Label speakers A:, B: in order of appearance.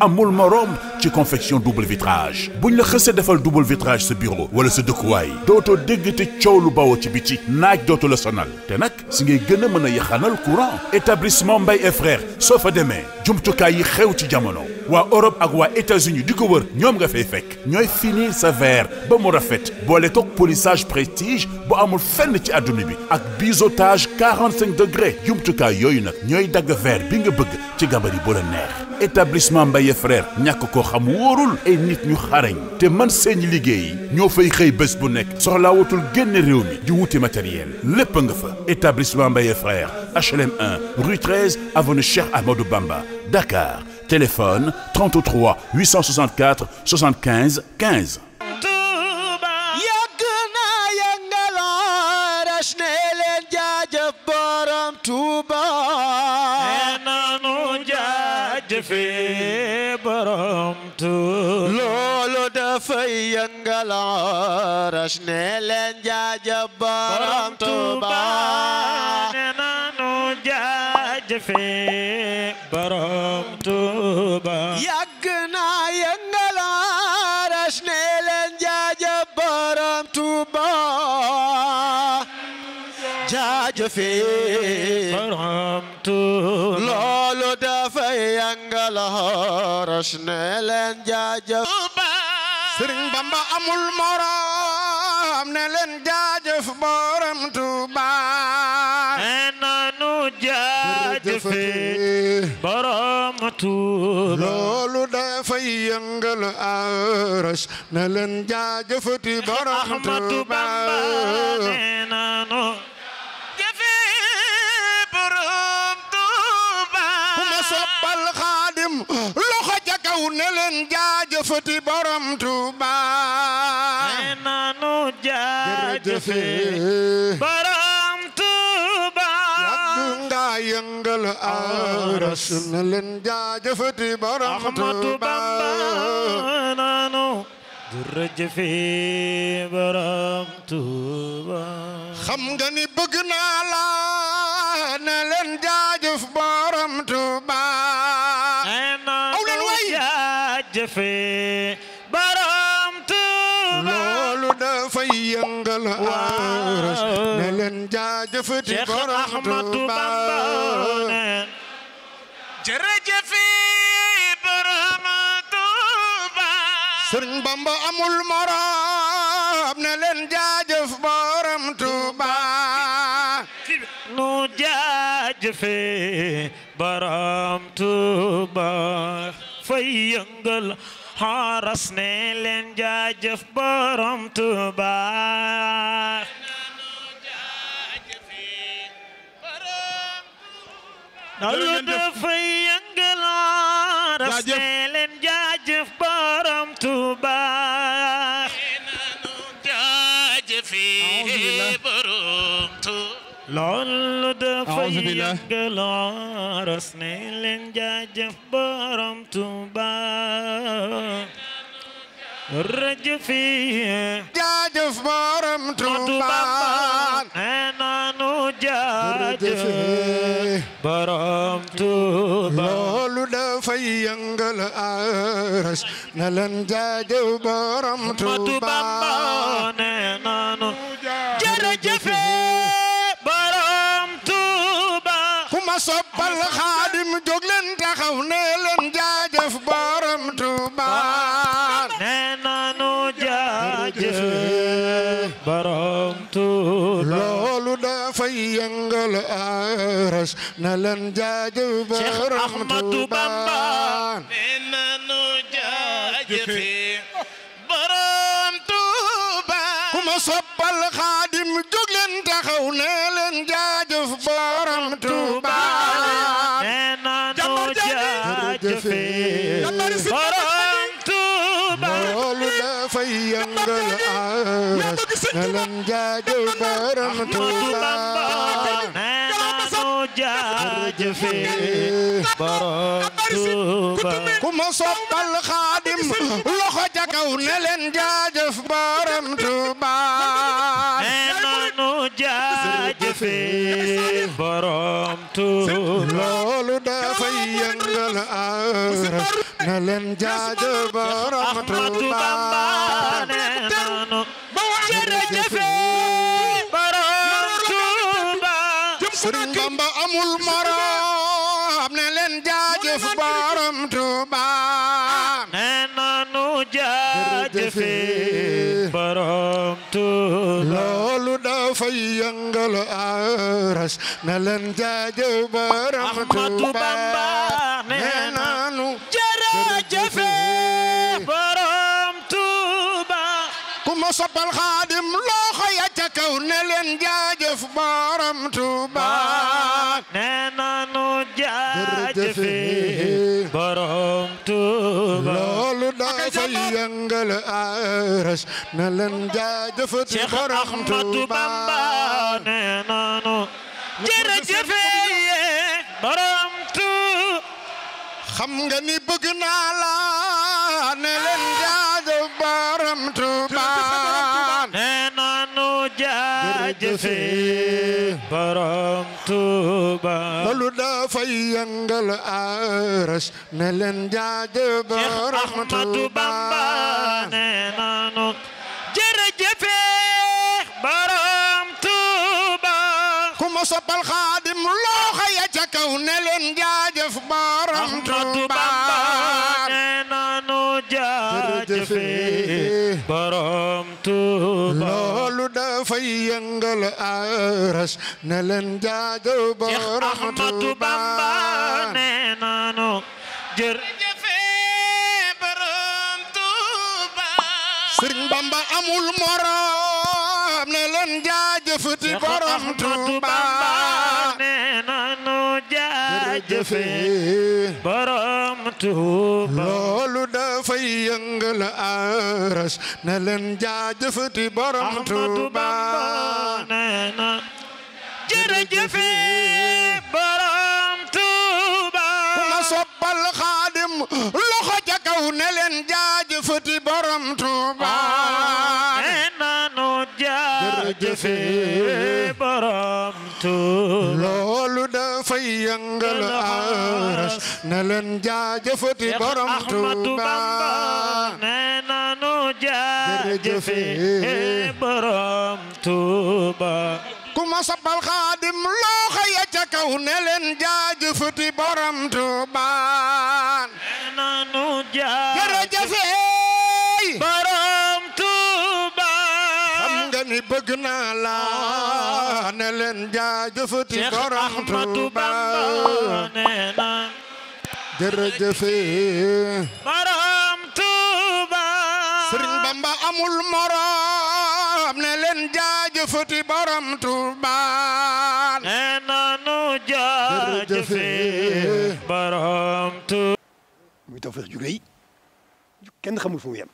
A: amul morom ci confection double vitrage buñ la xësee defal double vitrage sa bureau wala sa dëkkuwaay dootoo dégg te coow lu bawoo ci biti naaj dootu la sonal te nag si ngay gën a mën a yaxanal courant établissement Mbaye et frères soo fa demee jumtukaay yi xew ci jamono. waa Europe ak waa états di ko wër ñoom nga fay fekk ñooy finir sa verre ba mu rafet boole kook polissage prestige bu amul fenn ci adduna bi ak biseautage 45 degré jumtukaay yooyu nag ñooy dagg verre bi nga bëgg ci gabari bu la neex. établissement Mbaye frère ñàkk koo xam wóorul ay nit ñu xarañ te man seeni liggéey ñoo fay xëy bés bu nekk soxlaa wutul génn réew mi di wuti matériel lépp nga fa établissement Mbaye frère HLM 1 rue 13 avenue Cheikh Amadou Bamba Dakar téléphone 33 864 75 15.
B: loolu dafay yëngal arash ne leen jaajëf borom Tuuba jëfe borom Tuuba yàgg naa yëngal arash ne leen jaajëf borom Tuuba jaajëfe borom Tuuba loolu dafa yëngal arash amul morom ne leen jaajëf borom fi loolu dafay yëngal aras na leen jaajëfati borom tuuba loxo ca kaw ne leen jaajëfati borom Tuuba nee nañu yëngal aras na leen jaajëfati borom Tuuba naanu
C: jërëjëfi
B: borom Tuuba xam nga ni bëgg naa la na leen jaajëf jaajëfati borom Tuubaa jërëjëfi borom Tuubaa Sëriñ Bamba amul morom ne leen jaajëf borom Tuubaa nu
C: jaajëfi borom Tuubaa fay yëngal xaras ne leen jaajëf borom Tuubaa
B: allo dafay yëngalaa ras ne leen jaajëf borom Tuuba loolu dafay
C: yëngalaa ras ne leen
B: jaajëf borom Tuuba rajëfi jaajëf borom Tuuba jaajëf borom Tuuba loolu dafay na leen jaajëf borom Tuuba loolu dafay yëngal aras na leen jaajëfal Cheikh Ahmadou ma soppal Xaadim jóg leen taxaw nee leen jaajëfal jaajëf borom Tuuba nanu jaajëf ku ma soppal xaadim loxo ca kaw ne leen jaajëf borom Tuuba nanu jaajëf borom Tuuba loolu jëfee borom Tuuba Sëriñ Bamba amul morom ne leen jaajëf borom Tuuba ne dafay yëngal aras ne leen jaajëf borom Tuuba ne soppal xaadim loxo ya ca kaw ne leen jaajëf borom Tuuba nee nanu jaajëf
C: borom Tuuba
B: loolu daa fay yëngal aras ne leen jaajëf borom Tuuba nee nanu jërëjëf borom Tuuba xam nga ni bëgg naa la ne leen jaajëf jaajëfe
C: borom Tuuba
B: balu daa fay yangal aras ne leen jaajëf borom Tuuba Bamba ne nanu jërëjëfe borom Tuuba ku ma soppal Xaadim loo xaya ca kaw ne leen jaajëf borom Tuuba fi
C: borom Tuuba loolu
B: dafay yëngal aras na leen jaajo borom Tuuba Ahmadu Bamba nee nanu jërëjëf borom Tuuba Sëriñ Bamba amul morom na leen jaajëfati borom Tuuba jaajëfee borom Tuuba loolu dafay yëngal aras na leen jaajëfati borom Tuuba neena jërëjëfe borom Tuuba ku ma soppal Xaadim loxo ca kaw ne leen jaajëf na leen jaajëfati borom Tuuba nee na nu jaajëfe borom
C: Tuuba
B: kuma sabal xaadim loo xëy ca kaw ne leen jaajëfati borom Tuuba nee na nu jaajëfe borom Tuuba xam nga ni bëgg naa la oh. ne leen jaajëfati borom Tuuba nee na
C: jërëjëfee
B: borom Tuuba Sëriñ Bamba amul morom ne leen jaajëfati borom Tuuba nee nanu jaajëfee borom Tuuba muy tawfeex ju rëy kenn xamul fu mu yem